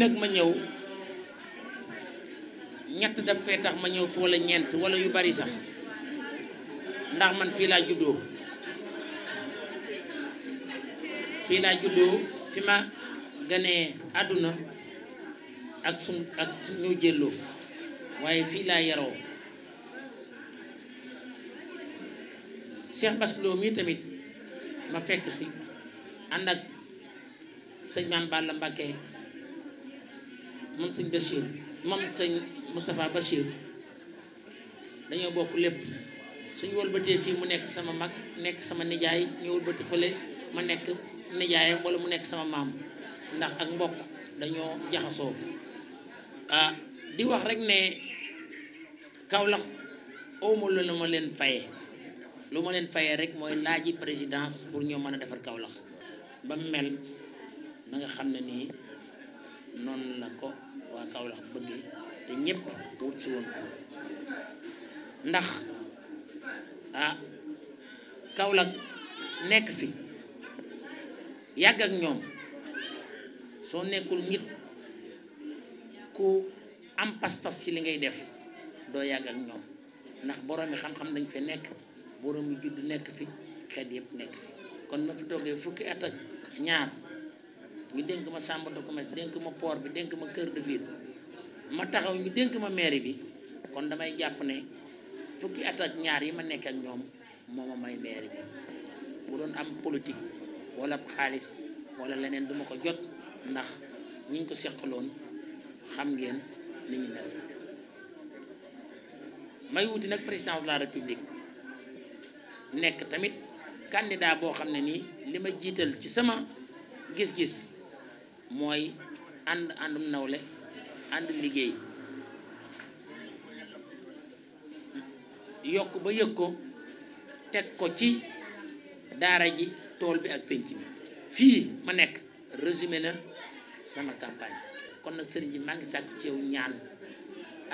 bii ma ñëw ñett daf ma ñëw fi wala ñeent wala yu bari sax ndax man fii laa juddoo fii laa juddoo fi ma ganee àdduna ak suñ ak suñu jëlloo waaye fii laa yaroo Cheikh Bass Lo tamit ma fekk si ànd ak sëñ Maam Balla Mbacké moom sëñ Bachir moom sëñ Moustapha Bachir dañoo bokk lépp suñ wëlbatee fii mu nekk sama mag nekk sama nijaay ñu wëlbati fële ma nekk nijaayam wala mu nekk sama maam ndax ak mbokk dañoo jaxasoo ah di wax rek ne Kaolack awma lu ma leen faye lu ma leen fayee rek mooy laaji présidence pour ñoo mën a defar Kaolack ba mel na xam ne nii noonu la ko waa Kaolack bëggee te ñëpp wut si woon ndax ah Kaolack nekk fi yàgg ak ñoom soo nekkul nit ku am pas-pas ci li ngay def doo yàgg ak ñoom ndax borom yi xam-xam dañ fi nekk borom yi juddu nekk fi xeet yëpp nekk fi kon na fi toogee fukki at ak ñaar. ñu dénk ma chambre de commerce dénk ma poor bi dénk ma cœur de ma taxaw ñu dénk ma mairie bi kon damay jàpp ne fukki at ak ñaar yi ma nekk ak ñoom moo ma may mairie bi bu doon am politique wala xaalis wala leneen duma ko jot ndax ñu ñu ko seqloon xam ngeen ni ñu mel may wuti nag président de la république nekk tamit kàndidaa boo xam ne nii li ma jiital ci sama gis-gis mooy ànd àndum nawle ànd liggéey yokk ba yëg ko teg ko ci daara ji tool bi ak penc mi fii ma nekk résumé na sama campagne kon nag sëriñ bi maa ngi sàkk ci ñaan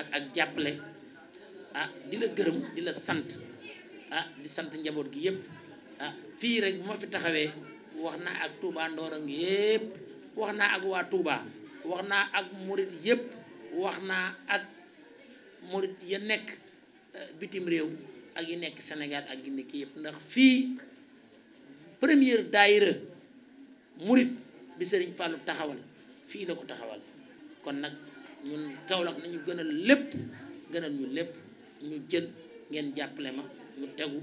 ak ak jàppale ah di la gërëm di la sant ah di sant njaboot gi yépp ah, fii rek bu fi taxawee wax naa ak Touba Ndorong wax naa ak waa Touba wax naa ak murit yëpp wax naa ak murit ya nekk euh, bitim réew ak yi nekk Sénégal ak yi ki yëpp ndax fii première daayira murit bi sëriñ Fallou taxawal fii la ko taxawal kon nag ñun Kaolack nañu gënal lépp gënal ñu lépp ñu jël ngeen jàppale ma ñu tegu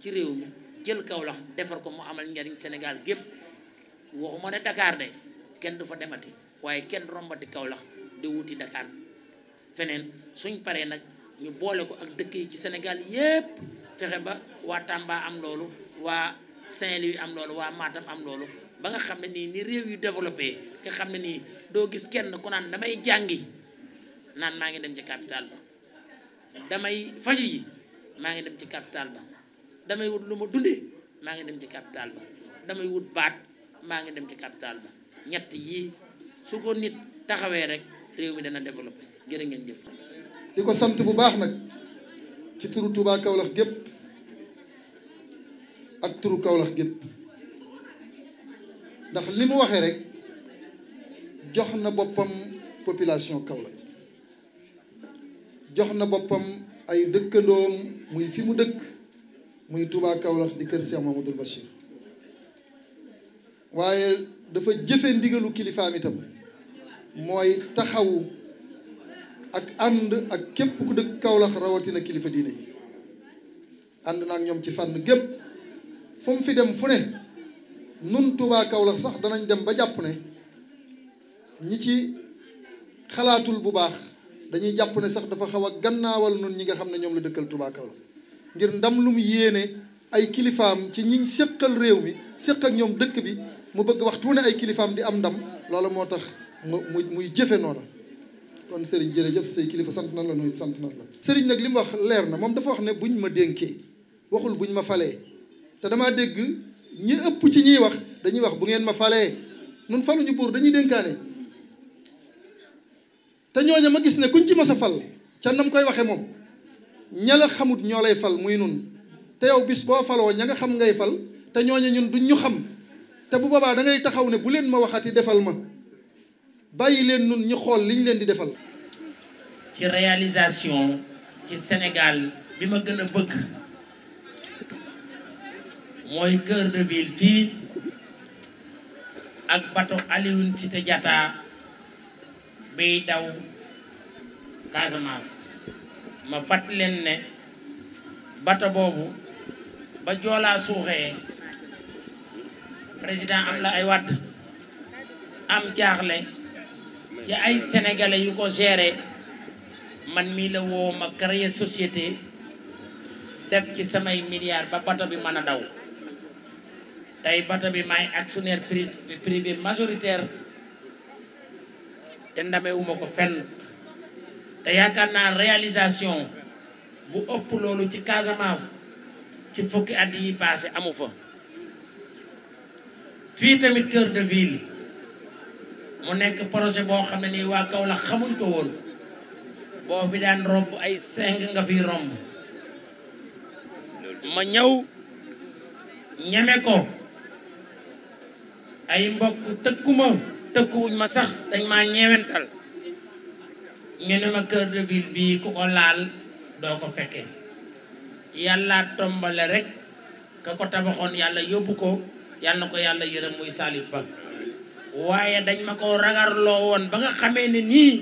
ci réew mi jël Kaolack defar ko mu amal njariñ Sénégal gépp waxuma ne Dakar de kenn du fa demati waaye kenn rombati Kaolack di wuti Dakar feneen suñ paree nag ñu boole ko ak dëkk yi ci Sénégal yépp fexe ba waa Tamba am loolu waa saint yu am loolu waa Matam am loolu ba nga xam ne nii ni réew yu développé nga xam ne nii doo gis kenn ku naan damay jàngi naan maa ngi dem ci capital ba damay faju yi maa ngi dem ci capital ba damay wut lu ma dundee maa ngi dem ci capital ba damay wut baat maa ngi dem ci capital ba ñett yii su ko nit taxawee rek réew mi dana développé jërë ngeen jëf di ko sant bu baax nag ci turu Touba Kaolack gépp ak turu Kaolack gépp ndax li mu waxee rek jox na boppam population Kaolack jox na boppam ay dëkkandoom muy fi mu dëkk muy Touba Kaolack di kër Cheikh Mamadou Bachir waaye dafa jëfe ndigalu kilifaam itam mooy taxawu ak ànd ak képp ku dëkk Kaolack rawatina kilifa diine yi ànd naa ak ñoom ci fànn gépp fu mu fi dem fu ne nun Touba Kaolack sax danañ dem ba jàpp ne ñi ci xalaatul bu baax dañuy jàpp ne sax dafa xaw a gannaawal nun ñi nga xam ne ñoom la dëkkal Touba Kaolack ngir ndam lu mu yéene ay kilifaam ci ñiñ séqal réew mi séq ak ñoom dëkk bi mu bëgg waxtu ne ay kilifaam di am ndam loolu moo tax mu muy jëfe noonu kon sëriñ jërëjëf say kilifa sant na la nuyu sant na la sëriñ nag li mu wax leer na moom dafa wax ne buñ ma dénkee waxul buñ ma falee te damaa dégg ñu ëpp ci ñiy wax dañuy wax bu ngeen ma falee nun faluñu buur dañuy dénkaane te ñooña ma gis ne kuñ ci mas a fal ca nam koy waxe moom ña la xamut ñoo lay fal muy nun te yow bis boo faloo ña nga xam ngay fal te ñooña ñun duñ ñu xam te bu boobaa da ngay taxaw ne bu leen ma waxati defal ma bàyyi leen nun ñu xool liñ leen di defal. ci réalisation ci Sénégal bi ma gën a bëgg mooy cœur de ville fii ak bato Alioune Cité Diatta bay daw Casamance. ma fàttali leen ne bato boobu ba joolaa suuxee. président am la ay wadd am jaaxle ci ay sénégalais yu ko gere man mii la woo ma créer société def ci samay milliards ba bato bi mën a daw tey bato bi maay actionnaire privé majoritaire te ndamewuma ko fen te yaakaar naa réalisation bu ëpp loolu ci Casamance ci fukki at yi passé amu fa fii tamit cœur de ville mu nekk projet boo xam ne nii waa Kaolack xamuñ ko woon boo bi daan romb ay seng nga fi romb ma ñëw ñeme ko ay mbokk tëkkuma tëkkuwuñ ma sax dañ maa ñeewental ñu ne ma cœur de ville bii ku ko laal doo ko fekkee yàlla tombale rek ka ko tabaxoon yàlla yóbbu ko yal na ko yàlla yërëm muy Salif Ba waaye dañ ma ko ragarloo woon ba nga xamee ne nii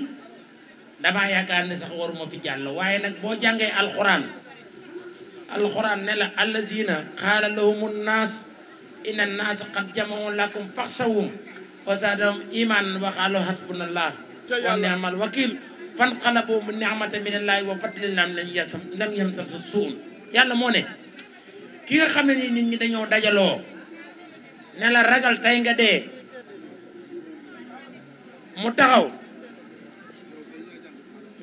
damaa yaakaar ne sax waruma fi jàll waaye nag boo jàngee alxuraan alxuraan ne la allazina xaala lahumu naas inna naas qad jamau lakum faxsawum fasadahum iman wa qaalu hasbunallah wa ni'mal wakil fanqalabu bi ni'matin minallahi wa fadlin lam yamsas suun yàlla moo ne ki nga xam ne nii nit ñi dañoo dajaloo ne la ragal tey nga dee mu taxaw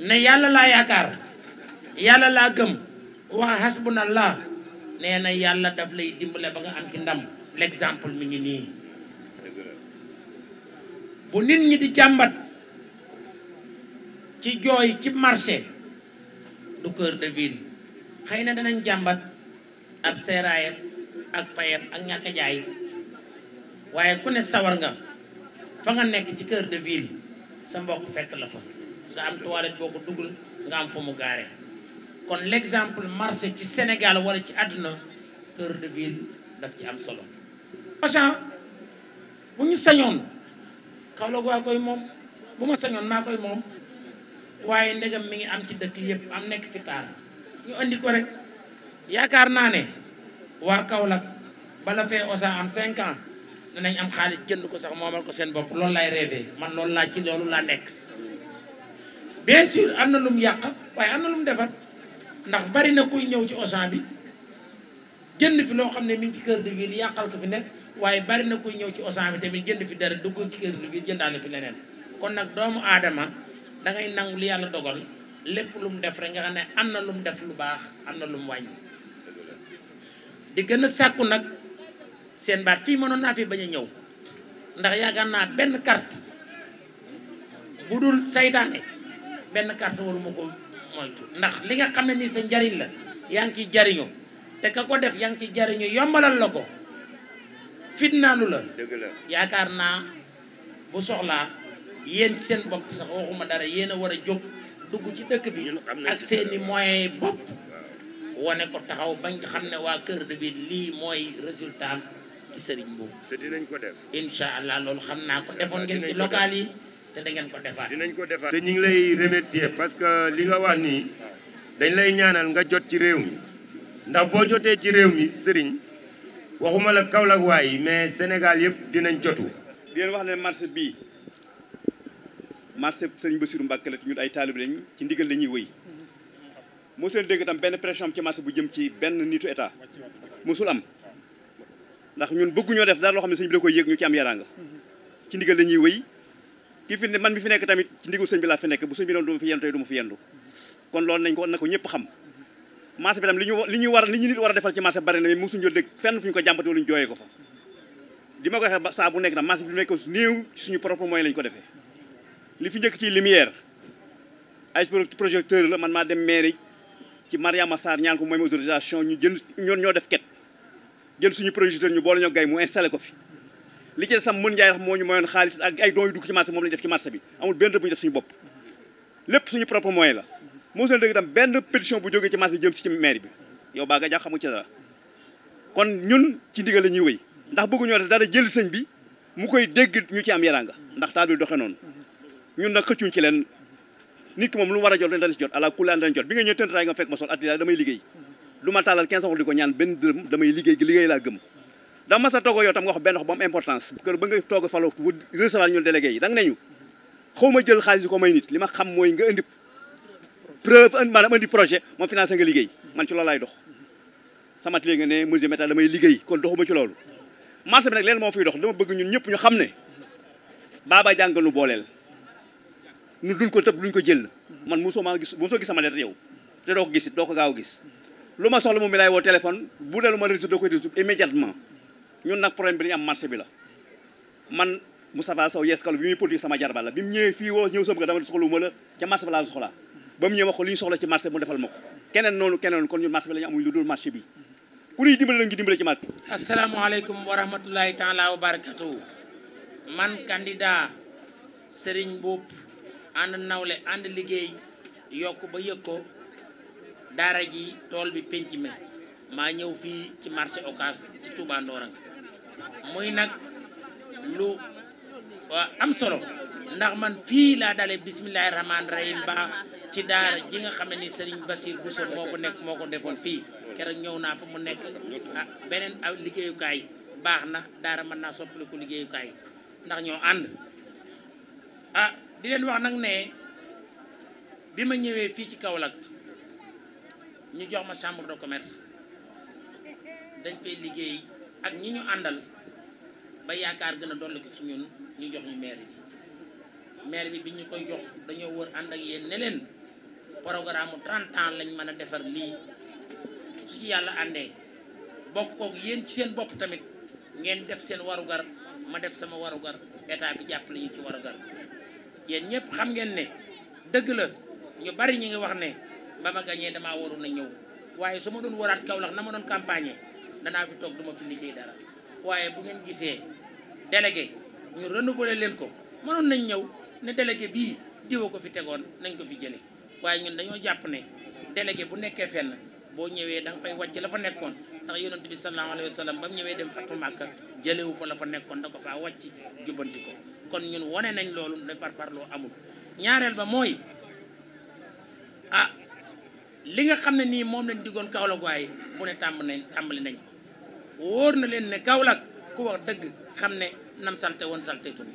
ne yàlla laa yaakaar yàlla laa gëm wax hasbunallah nee na yàlla daf lay dimbale ba nga am ci ndam l'exemple mi ngi nii bu nit ñi di jàmbat ci jooy ci marché du kër de ville xëy na danañ jàmbat ab seeraayam ak fayam ak ñàkk waaye ku ne sawar nga fa nga nekk ci kër de ville sa mbokk fekk la fa nga am toilette boo ko dugal nga am fu mu gaare kon l'exemple marché ci Sénégal wala ci àdduna cœur de ville daf ci am solo Auchan bu ñu sañoon Kaolack waa koy moom bu ma sañoon maa koy moom waaye ndegam mi ngi am ci dëkk yëpp am nekk fi taar ñu andi ko rek yaakaar naa ne waa Kaolack bala fee Auchan am cinq ans nañ am xaalis jënd ko sax moomal ko seen bopp loolu laay rêvé man loolu laa ci loolu laa nekk bien sûr am na lu mu yàq waaye am na lu mu defar ndax bari na kuy ñëw ci Auchan bi jënd fi loo xam ne mi ngi ci cœur de ville ko fi nekk waaye bari na kuy ñëw ci Auchan bi tamit jënd fi dara dugg ci cœur de ville jëndaale fi leneen kon nag doomu aadama da ngay nangu lu yàlla lépp lu mu def rek nga ne am na lu mu def lu baax am na lu mu wàññi di gën a sàkku nag seen baat fii mënoon naa fi bañ a ñëw ndax yaakaar naa benn kart bu dul saytaane benn kart waruma ko moytu ndax li nga xam ne nii sa njariñ la yaa ngi ciy jariñu te ka ko def yaa ngi ciy jariñu yombalal la ko fitnaalu la dëgg la yaakaar naa bu soxlaa yéen seen bopp sax waxuma dara yéen a war a jóg dugg ci dëkk bi ak seeni moyens yi bopp wane ko taxaw bañ xam ne waa kër bi lii mooy résultat barki sëriñ boobu. te dinañ ko def. incha allah loolu xam naa ko defoon ngeen ci local yi te da ngeen ko defaat. dinañ ko defaat te ñu ngi lay remercier parce que li nga wax nii dañ lay ñaanal nga jot ci réew mi ndax boo jotee ci réew mi sëriñ waxuma la Kaolack waaye mais Sénégal yëpp dinañ jotu. di wax ne marché bi marché sëriñ Bassirou Mbacké la ñun ay taalib lañ ci ndigal la ñuy mhm. moo seen dégg tam benn pression ci marché bu jëm ci benn nitu état mosul am. ndax ñun bëgguñoo def dara loo xam ne sëñ bi da koy yëg ñu ci am yaraanga ci ndigal la wëy ki fi ne man bi fi nekk tamit ci ndigal sëñ bi laa fi nekk bu sëñ bi doon du ma fi yendu ko na ko xam marché bi li ñu li li ñu a defal ci marché bari na mais mosuñu dégg fenn fu ñu ko jàmbat ko fa di ma ko waxee ba saa bu nekk nag marché bi nekk néew suñu propre moyen lañ ko defee li fi njëkk ci lumière ay projecteur la man maa dem mairie ci Mariama Sarr ñaan ko mooy autorisation ñu jënd ñoon ñoo def ket jël suñu projecteur ñu boole ñoo gay mu installé ko fi li ci sam mën njaay wax moo ñu mayoon xaalis ak ay dons yu dugg ci marché moom lañu def ci marché bi amul benn bu ñu def suñu bopp lépp suñu propre moyen la moo benn pétition bu jogee ci marché bi jëm si ci maire bi yow baa nga jàpp xamu ci dara kon ñun ci ndigal la ñuy wéy ndax bëgguñoo def dara jël sëñ bi mu koy dégg ñu ci am yaraanga ndax taal bi doxee noonu ñun nag xëccuñ ci leen nit moom lu war a jot leen dana si jot ala kullaan dana jot bi nga ñëw tëntraay nga fekk ma sol lu ma tàllal kenn soxla di ko ñaan benn dërëm damay liggéey liggéey laa gëm dama mas a toog yow tam nga wax benn wax ba am importance kër ba nga toog falo bu recevoir ñun délégué yi da ne ñu xaw ma jël xaalis di ko may nit li ma xam mooy nga indi preuve maanaam indi projet moom financé nga liggéey man ci loolu laay dox sama atelier nga ne monsieur Meta damay liggéey kon doxuma ci loolu marché bi nag leen moo fiy dox dama bëgg ñun ñëpp ñu xam ne baa jàngal nu booleel nu duñ ko tëb duñ ko jël man mosoo maa gis mosoo gis sama lettre yow te doo ko gis doo ko gaaw gis lu ma soxla moom mi laay woo téléphone bu dee lu na résoudre da koy résoudre immédiatement ñun nag problème bi dañu am marché bi la man Moustapha Sow Yes Kalu bi muy politique sama jarbal bala bi mu ñëwee fii woo ñëw sama kër dama soxla wu ma la ca marché ba laa soxla ko li ñu soxla ci marché mu defal ma ko keneen noonu keneen kon ñun marché bi la ñu amuñ lu dul marché bi ku ñuy dimbale la ngi dimbale ci marché bi asalaamaaleykum wa rahmatulahi taala man candidat Serigne Mboup ànd nawle ànd liggéey ba yëg ko daara ji tool bi penc mi maa ñëw fii ci marché Ocass ci Touba muy nag lu am solo ndax man fii laa dale bismillahi rahman rahim ba ci daara ji nga xam ne ni Serigne Bassir Bousso moo ko nekk moo ko defoon fii keroog ñëw naa fa mu nekk ah beneen aw liggéeyukaay baax na daara mën naa soppaliku liggéeyukaay ndax ñoo ànd a ah, di leen wax nag ne bi ma ñëwee fii ci Kaolack ñu jox ma chambre de commerce dañ fay liggéey ak ñi ñu àndal ba yaakaar gën a dolli ko ci ñun ñu jox ñu maire bi maire bi ñu koy jox dañoo wër ànd ak yéen ne leen programme mu 30 ans lañ mën a defar lii su ci yàlla àndee bokk koog yéen ci seen bopp tamit ngeen def seen warugar ma def sama warugar état bi jàppale ñu ci warugar yéen ñëpp xam ngeen ne dëgg la ñu bari ñi ngi wax ne. ba ma gañee damaa waroon a ñëw waaye su ma doon waraat lax na ma doon campagne danaa fi toog duma fi liggéey dara waaye bu ngeen gisee délégué ñu renouveler leen ko mënoon nañ ñëw ne délégué bii diwa ko fi tegoon nañ ko fi jële waaye ñun dañoo jàpp ne délégué bu nekkee fenn boo ñëwee da nga fay wàcc la fa nekkoon ndax yonent bi sallallahu alayhi wa sallam ñëwee dem fatu màkka jëlewu fa la fa nekkoon da ko faa wàcc jubanti kon ñun wane nañ loolu ne par parloo amul ñaareel ba mooy ah li nga xam ne nii moom lañ diggoon Kaolack waaye bu ne tàmb nañ tàmbali nañ woor na leen ne Kaolack ku wax dëgg xam ne nam salte woon salteetu ni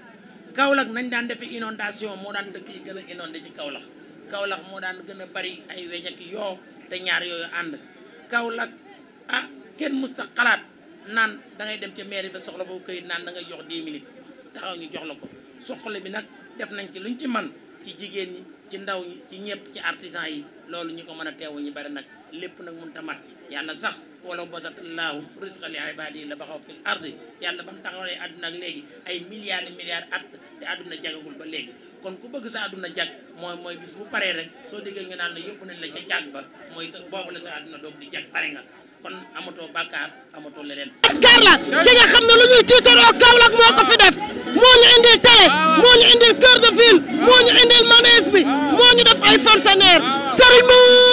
Kaolack nañ daan defee inondation moo daan dëkk yi gën a inondé ci Kaolack Kaolack moo daan gën a bari ay weñ yoo te ñaar yooyu ànd Kaolack ah kenn musta xalaat naan dangay dem ca mairie ba soxla boobu këyit naan da ngay jox 10 minutes taxaw ñu jox la ko soxla bi nag def nañ ci luñ ci man ci jigéen ñi ci ndaw ñi ci ñëpp ci artisan yi loolu ñu ko mën a teewu ñu bari nag lépp nag mun ta yàlla sax wala bosat laahu risqa li ibaadi la baxaw fil ardi yàlla ba mu taxawalee àdduna ak léegi ay milliards milliards at te àdduna jagagul ba léegi kon ku bëgg sa àdduna jag mooy mooy bis bu paree rek soo déggee ñu naan la yóbbu nañ la ca jag ba mooy sa boobu la sa àdduna doog di jag pare nga kon amatoo bàkkaar amatoo leneen. bàkkaar la ki nga xam ne lu ñuy tiitaroo Kaolack moo ko fi def moo ñu indil télé moo ñu indil cœur de ville moo ñu indil manège bi moo ñu def ay fonctionnaires Serigne